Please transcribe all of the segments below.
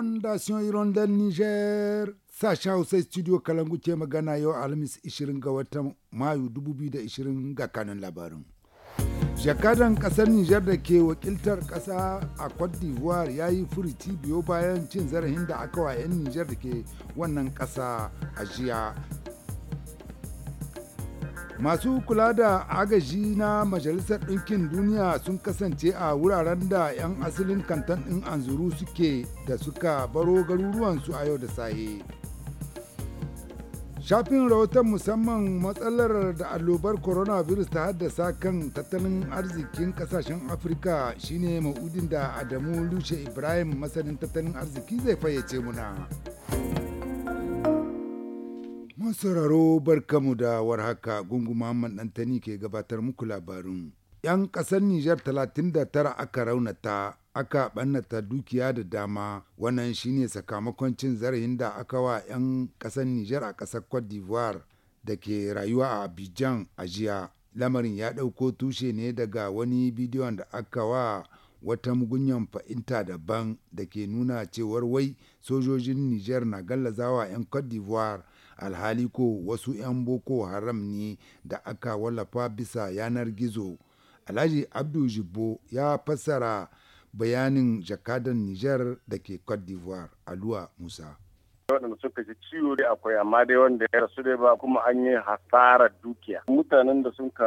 fondation irondel niger sashen hausa studio kalangu ce magana yau alhamis 20 ga watan mayu 2020 ga kanun labarin jakadan kasar niger da ke wakiltar kasa a cote d'ivoire ya yi furiti biyo bayan cin zarafin da aka wa 'yan niger da ke wannan kasa a jiya masu kula da agaji na majalisar ɗinkin duniya sun kasance a wuraren da 'yan asalin kantan ɗin anzuru suke da suka baro garuruwansu a yau da saye shafin rahoton musamman matsalar da allobar coronavirus ta haddasa kan tattalin arzikin kasashen afirka shine ma'udin da adamu lushe ibrahim masanin tattalin arziki zai fayyace muna. sauraro barkamu da warhaka gungu Muhammad Dantani ke gabatar muku labarin. 'Yan ƙasar Nijar 39 aka raunata aka ɓannata dukiya da dama wannan shine sakamakon cin zarafin da aka wa 'yan ƙasar Nijar a ƙasar Cote d'Ivoire da ke rayuwa a Abidjan a jiya. Lamarin ya ɗauko tushe ne daga wani bidiyon da aka wa wata mugunyan fa'inta daban da ke nuna cewar wai sojojin Nijar na gallazawa 'yan Cote d'Ivoire alhali ko wasu 'yan boko haram ne da aka wallafa bisa yanar gizo alhaji abdu jibbo ya fassara bayanin jakadan niger da ke cote d'ivoire aluwa musa waɗanda suka ji ciwo dai akwai amma dai wanda ya rasu dai ba kuma an yi hasarar dukiya mutanen da sun ka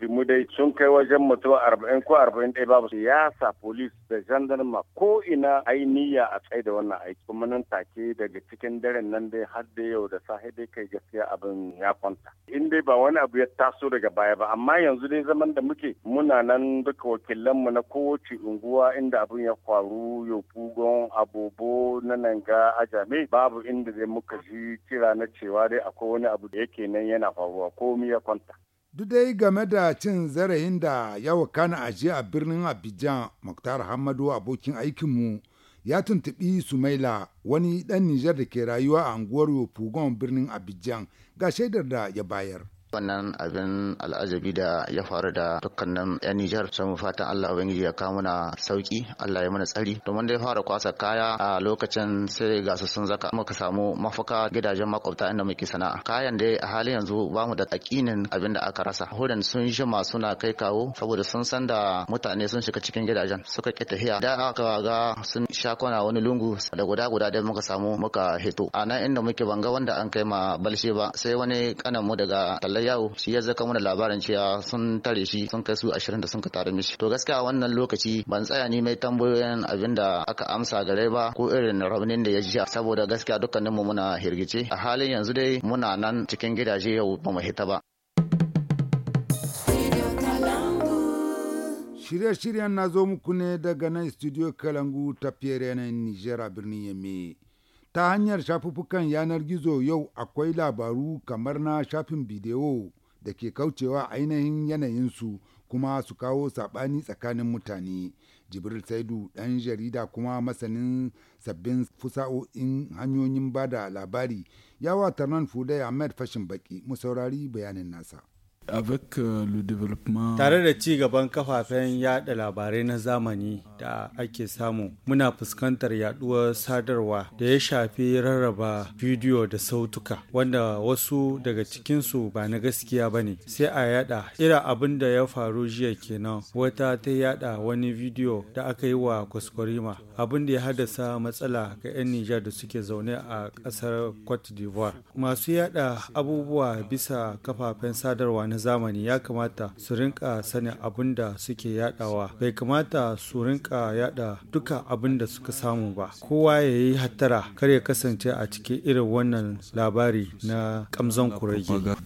limu dai sun kai wajen mutum arba'in ko arba'in ɗaya babu siyasa polis da jandarma ko ina ai niyya a tsaye da wannan aiki kuma nan take daga cikin daren nan dai har da yau da safe dai kai gaskiya abin ya kwanta in dai ba wani abu ya taso daga baya ba amma yanzu dai zaman da muke muna nan duka mu na kowace unguwa inda abin ya faru yofugon abobo na nanga ajame babu inda zai muka ji kira na cewa dai akwai wani abu da yake nan yana faruwa komi ya kwanta. Duk dai game da cin zarafin da ya wakana ajiye a birnin Abidjan Muktar Hamadu abokin aikinmu ya tuntubi Sumaila wani dan Nijar da ke rayuwa a anguwar Yofugon birnin Abidjan ga shaidar da ya bayar. wannan abin al'ajabi da ya faru da dukkanin 'yan Nijar sai mu fatan Allah ubangiji ya kawo mana sauki Allah ya mana tsari domin da ya fara kwasa kaya a lokacin sai ga su sun zaka muka samu mafaka gidajen makwabta inda muke sana'a kayan da a halin yanzu ba mu da akinin abin da aka rasa hudan sun jima suna kai kawo saboda sun san da mutane sun shiga cikin gidajen suka ki tafiya da aka ga sun sha kwana wani lungu da guda guda da muka samu muka hito a nan inda muke banga wanda an kai ma balshe ba sai wani kanan mu daga yawo shi ya zaka mana labarin cewa sun tare shi sun kai su 20 da sun ka tare mishi to gaskiya wannan lokaci ban tsaya ni mai tambayoyin abin da aka amsa gare ba ko irin raunin da ya ji saboda gaskiya dukkanin mu muna hirgice a halin yanzu dai muna nan cikin gidaje yau ba mu hita ba Shirye-shiryen na zo muku ne daga nan studio Kalangu ta Niger Nijera birnin Yemi. Ta hanyar shafuffukan yanar gizo yau akwai labaru kamar na shafin bidiyo da ke kaucewa ainihin yanayinsu kuma su kawo saɓani tsakanin mutane. Jibril Saidu ɗan jarida kuma masanin sabbin fusa'o'in hanyoyin bada labari ya wa nan fudai Ahmed fashin baki mu saurari bayanin nasa. avec euh, le développement tare da ci gaban kafafen yada labarai na zamani da ake samu muna fuskantar yaduwar sadarwa da ya shafi rarraba bidiyo da sautuka wanda wasu daga cikinsu ba na gaskiya ba ne sai a yada ira abin da ya faru jiya kenan wata ta yada wani bidiyo da aka yi wa kwaskwarima abin da ya haddasa matsala ga 'yan nijar da suke zaune a kasar cote d'ivoire masu yada abubuwa bisa kafafen sadarwa na na zamani ya kamata su rinka sanin abin da suke yadawa bai kamata su rinka yada duka abin da suka samu ba kowa ya yi hattara kar ya kasance a cikin irin wannan labari na kamzon kurege euh,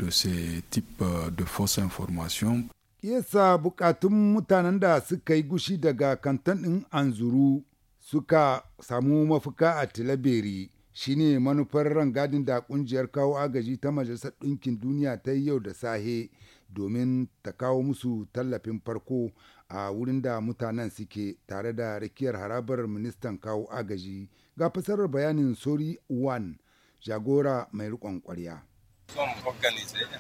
yasa bukatun mutanen da suka yi gushi daga kantan ɗin anzuru suka samu mafuka a tilaberi shine manufar rangadin da kungiyar kawo agaji ta majalisar ɗinkin duniya ta yi yau da sahe domin ta kawo musu tallafin farko a wurin da mutanen suke tare da rakiyar harabar ministan kawo agaji ga fasarar bayanin sori 1 jagora mai rikon ƙwarya.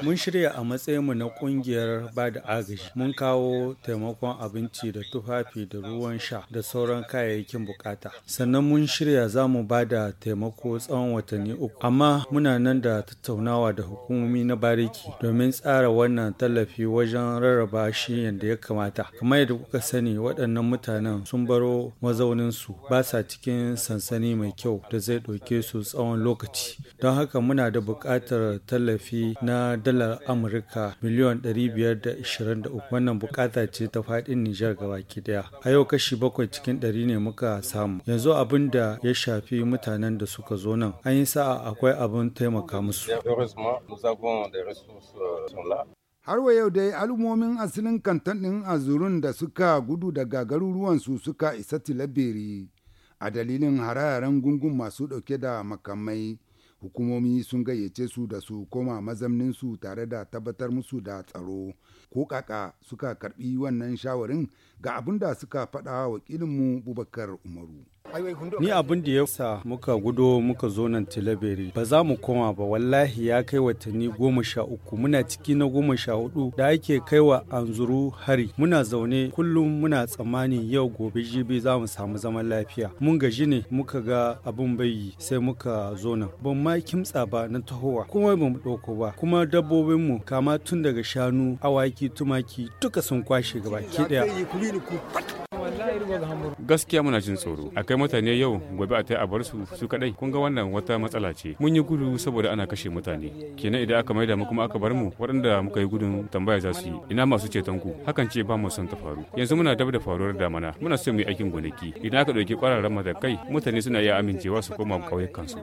Mun shirya a matsayin mu na kungiyar ba da agaji. Mun kawo taimakon abinci da tufafi da ruwan sha da sauran kayayyakin bukata. Sannan mun shirya za mu ba da taimako tsawon watanni uku. Amma muna nan da tattaunawa da hukumomi na bariki domin tsara wannan tallafi wajen rarraba shi yadda ya kamata. Kamar yadda kuka sani waɗannan mutanen sun baro mazauninsu ba sa cikin sansani mai kyau da zai ɗauke su tsawon lokaci. Don haka muna da buƙatar tallafi tallafi na dalar Amurka miliyon 523 wannan bukata ce ta faɗin Nijar ga baki daya. A yau kashi bakwai cikin ɗari ne muka samu. Yanzu abin da ya shafi mutanen da suka zo nan an yi sa'a akwai abin taimaka musu. Euh, har wa yau dai al'ummomin asalin kantan ɗin azurun da suka gudu daga garuruwan su suka isa tilabiri a dalilin hararen gungun masu dauke da makamai hukumomi sun gayyace su da su koma mazamnin su tare da tabbatar musu da tsaro ko kaka suka karbi wannan shawarin ga abin da suka faɗa wakilinmu bubakar umaru Ni abin da ya sa muka gudo muka zo nan Tilaberi ba za mu koma ba wallahi ya kai watanni goma sha uku muna ciki na goma sha hudu da ake kai wa anzuru hari muna zaune kullum muna tsammani yau gobe jibi za mu samu zaman lafiya mun gaji ne muka ga abin bai yi sai muka zo nan ban ma kimtsa ba na tahowa kuma ba ɗauko ba kuma dabbobin mu kama tun daga shanu awaki tumaki duka sun kwashe gaba ki daya Gaskiya muna jin tsoro. a kai mutane yau gobe a tai a bar su su kadai. Kun ga wannan wata matsala ce. Mun yi gudu saboda ana kashe mutane. Kenan idan aka maida mu kuma aka bar mu waɗanda muka yi gudun tambaya za su yi. Ina masu ceton ku. Hakan ce ba mu son ta faru. Yanzu muna dab da faruwar damana. Muna son mu yi aikin gonaki. Idan aka ɗauki ƙwararren kai. mutane suna iya amincewa su koma ƙauyukansu.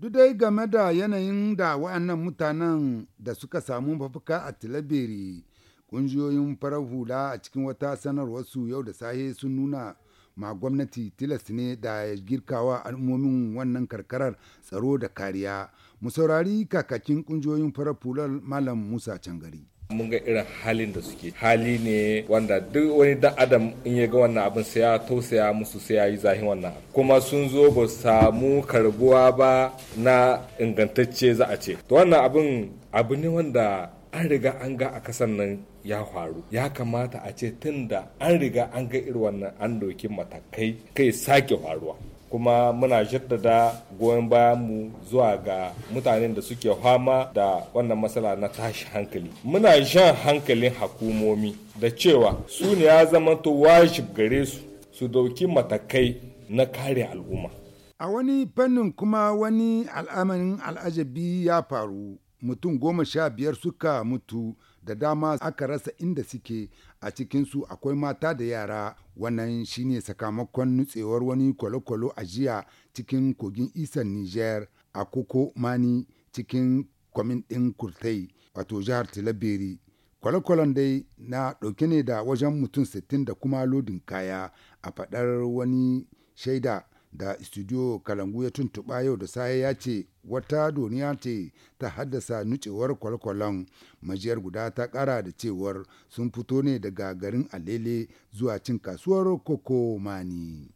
Duk dai game da yanayin da waɗannan mutanen da suka samu mafaka a Tilaberi kungiyoyin farar hula a cikin wata sanarwar su yau da sahe sun nuna ma gwamnati tilas ne da ya girkawa al'ummomin wannan karkarar tsaro da kariya. Mu saurari kakakin ƙungiyoyin farar hular Malam Musa Cangari. mun ga irin halin da suke hali ne wanda duk wani dan adam in ya ga wannan abin sai ya tausaya musu sai ya yi zahin wannan kuma sun zo ba samu karbuwa ba na ingantacce za a ce to wannan abin abu ne wanda an riga an ga a kasan nan ya faru ya kamata a ce tun da an riga an ga iri wannan an doki matakai kai sake faruwa kuma muna jaddada goyon mu zuwa ga mutanen da suke fama da wannan matsala na tashi hankali muna jan hankalin hakumomi da cewa su ne ya zama to wajib gare su su dauki matakai na kare al'umma a wani fannin kuma wani al'amarin al'ajabi ya faru mutum goma sha biyar suka mutu da dama aka rasa inda suke a cikinsu akwai mata da yara wannan shine sakamakon nutsewar wani kwalokwalo a jiya cikin kogin isan niger a koko mani cikin kwamin ɗin kurtai wato jihar tilabiri kwalokwalon dai na ɗauke ne da wajen mutum 60 da kuma lodin kaya a faɗar wani shaida da studio kalangu ya tuntuɓa yau da saye ya ce wata duniya ce ta haddasa nucewar kwalkwalon majiyar guda ta ƙara da cewar sun fito ne daga garin alele zuwa cin kasuwar koko mani.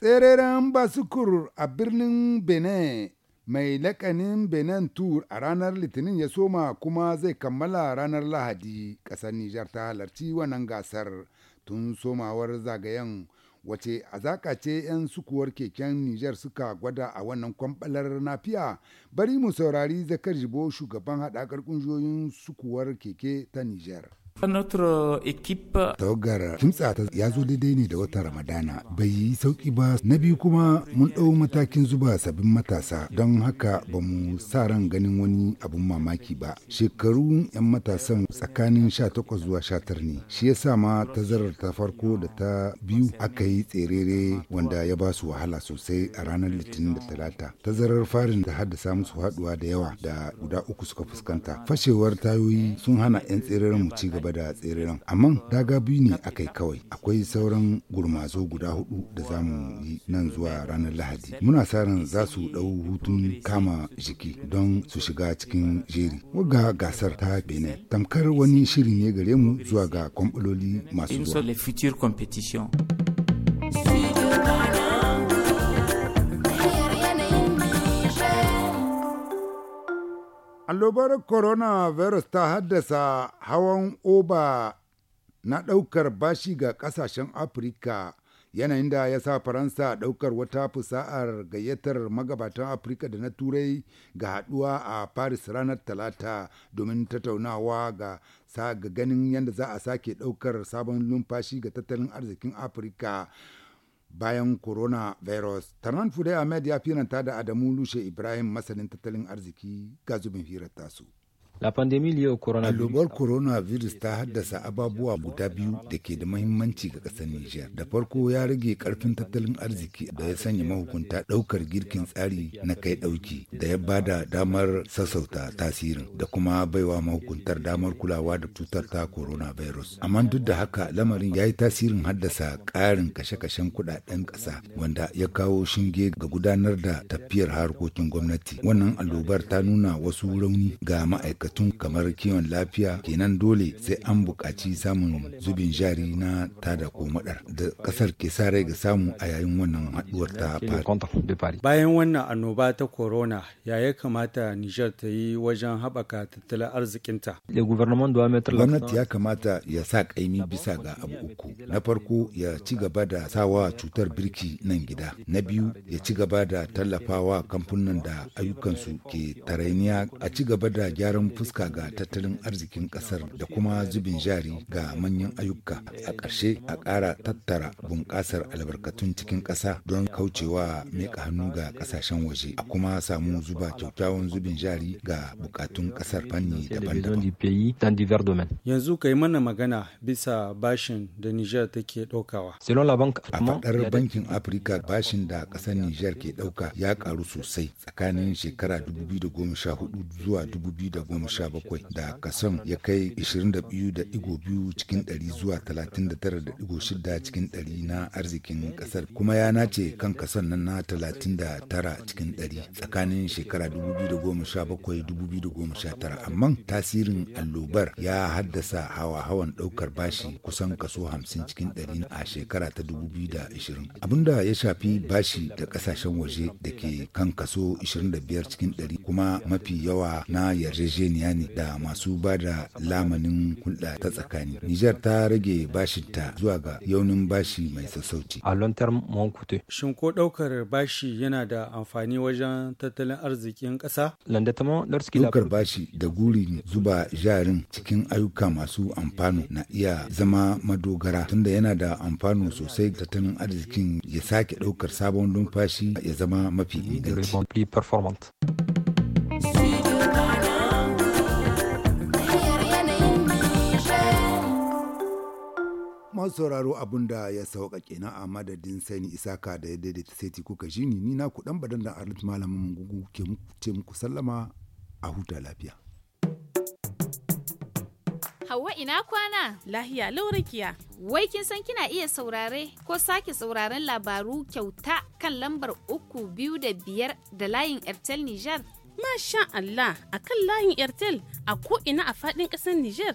tsereren basukur a birnin benin mai lakanin benin tour a ranar litinin ya soma kuma zai kammala ranar lahadi ƙasar nijar ta halarci wannan gasar tun somawar zagayen wace azaka ce 'yan sukuwar keken Nijar suka gwada a wannan kwamɓalar nafiya bari mu saurari zakar jibo shugaban haɗakar ƙungiyoyin sukuwar keke ta Nijar. Notre équipe. Tawagar kimtsa ta ya zo daidai ne da wata Ramadana. Bai yi sauki ba. Na biyu kuma mun ɗau matakin zuba sabbin matasa don haka ba mu sa ran ganin wani abun mamaki ba. Shekaru 'yan matasan tsakanin 18 zuwa 19 ne. Shi ya sa ma tazarar ta farko da ta biyu aka yi tserere wanda ya ba su wahala sosai a ranar Litinin da Talata. Tazarar farin da haddasa musu haɗuwa da yawa da guda uku suka fuskanta. Fashewar tayoyi sun hana 'yan tsereren mu ci gaba gaba da tseren amma daga biyu ne akai kawai akwai sauran gurmazo guda hudu da za mu yi nan zuwa ranar lahadi muna sa ran za su dau hutun kama jiki don su shiga cikin jeri waga gasar ta bene tamkar wani shiri ne gare mu zuwa ga kwamfuloli masu zuwa Allobar coronavirus ta haddasa hawan oba na ɗaukar bashi ga ƙasashen Afirka yanayin da ya sa Faransa ɗaukar wata fusa'ar gayyatar magabatan Afirka da na Turai ga haɗuwa a Paris ranar Talata domin tattaunawa ga sa ga ganin yadda za a sake ɗaukar sabon numfashi ga tattalin arzikin Afirka bayan corona virus Tarnan Fude Ahmed ya firanta da Adamu Lushe Ibrahim masanin tattalin arziki ga zubin firar tasu. Allobar coronavirus ta haddasa ababuwa guda biyu da ke da mahimmanci ga ƙasar Nijar. Da farko ya rage ƙarfin tattalin arziki da ya sanya mahukunta ɗaukar girkin tsari na kai ɗauki da ya bada damar sassauta tasirin da kuma baiwa mahukuntar damar kulawa da cutar ta coronavirus. Amma duk da haka lamarin ya yi tasirin haddasa ƙarin kashe-kashen kuɗaɗen ƙasa wanda ya kawo shinge ga gudanar da tafiyar harkokin gwamnati. Wannan allobar ta nuna wasu rauni ga ma'aikata tun kamar kiwon lafiya kenan dole sai an buƙaci samun zubin jari na tada ko madar da ƙasar ke sa rai ga samu a yayin wannan haɗuwar ta fari. Bayan wannan annoba ta corona ya ya kamata Nijar ta yi wajen haɓaka tattalin arzikinta. Gwamnati ya kamata ya sa ƙaimi bisa ga abu uku. Na farko ya ci gaba da sawa cutar birki nan gida. Na biyu ya ci gaba da tallafawa kamfunan da ayyukansu ke tarainiya a ci gaba da gyaran fuska ga tattalin arzikin kasar da kuma zubin jari ga manyan ayyuka a ƙarshe a ƙara tattara bunƙasar albarkatun cikin ƙasa don kaucewa miƙa hannu ga ƙasashen waje a kuma samu zuba kyakkyawan zubin jari ga buƙatun ƙasar fanni daban-daban. Yanzu kai mana magana bisa bashin da Nijar take ɗaukawa. A faɗar bankin Afirka bashin da ƙasar Nijar ke ɗauka ya ƙaru sosai tsakanin shekara 2014 zuwa 2015. 2017 da kason ya kai 22.2 cikin 100 zuwa 39.6 cikin 100 na arzikin kasar kuma ya nace kan kasan nan na 39 cikin 100 tsakanin shekara 2017-2019 amma tasirin allobar ya haddasa hawa-hawan daukar bashi kusan kaso 50 cikin 100 a shekara ta 2020 abinda ya shafi bashi da kasashen waje da ke kan kaso 25 cikin 100 kuma mafi yawa na yarjejeniya yarjejeniya da masu ba da lamanin hulɗa ta tsakani. Nijar ta rage bashinta zuwa ga yaunin bashi mai sassauci. A lontar Monkute. Shin ko ɗaukar bashi yana da amfani wajen tattalin arzikin ƙasa? Ɗaukar bashi da guri zuba jarin cikin ayyuka masu amfano na iya zama madogara tunda yana da amfano sosai tattalin arzikin ya sake ɗaukar sabon numfashi ya zama mafi inganci. masu sauraro abun da ya sauka na a madadin sani isaka da ya daidaita saiti kuka shi ni na ku dan badan da arlit malamin gugu ke ce muku sallama a huta lafiya. Hauwa ina kwana? Lahiya laurakiya. Wai kin san kina iya saurare ko sake sauraren labaru kyauta kan lambar uku biyu da biyar da layin Airtel Niger? Masha Allah a kan layin Airtel a ko ina a faɗin ƙasar Niger.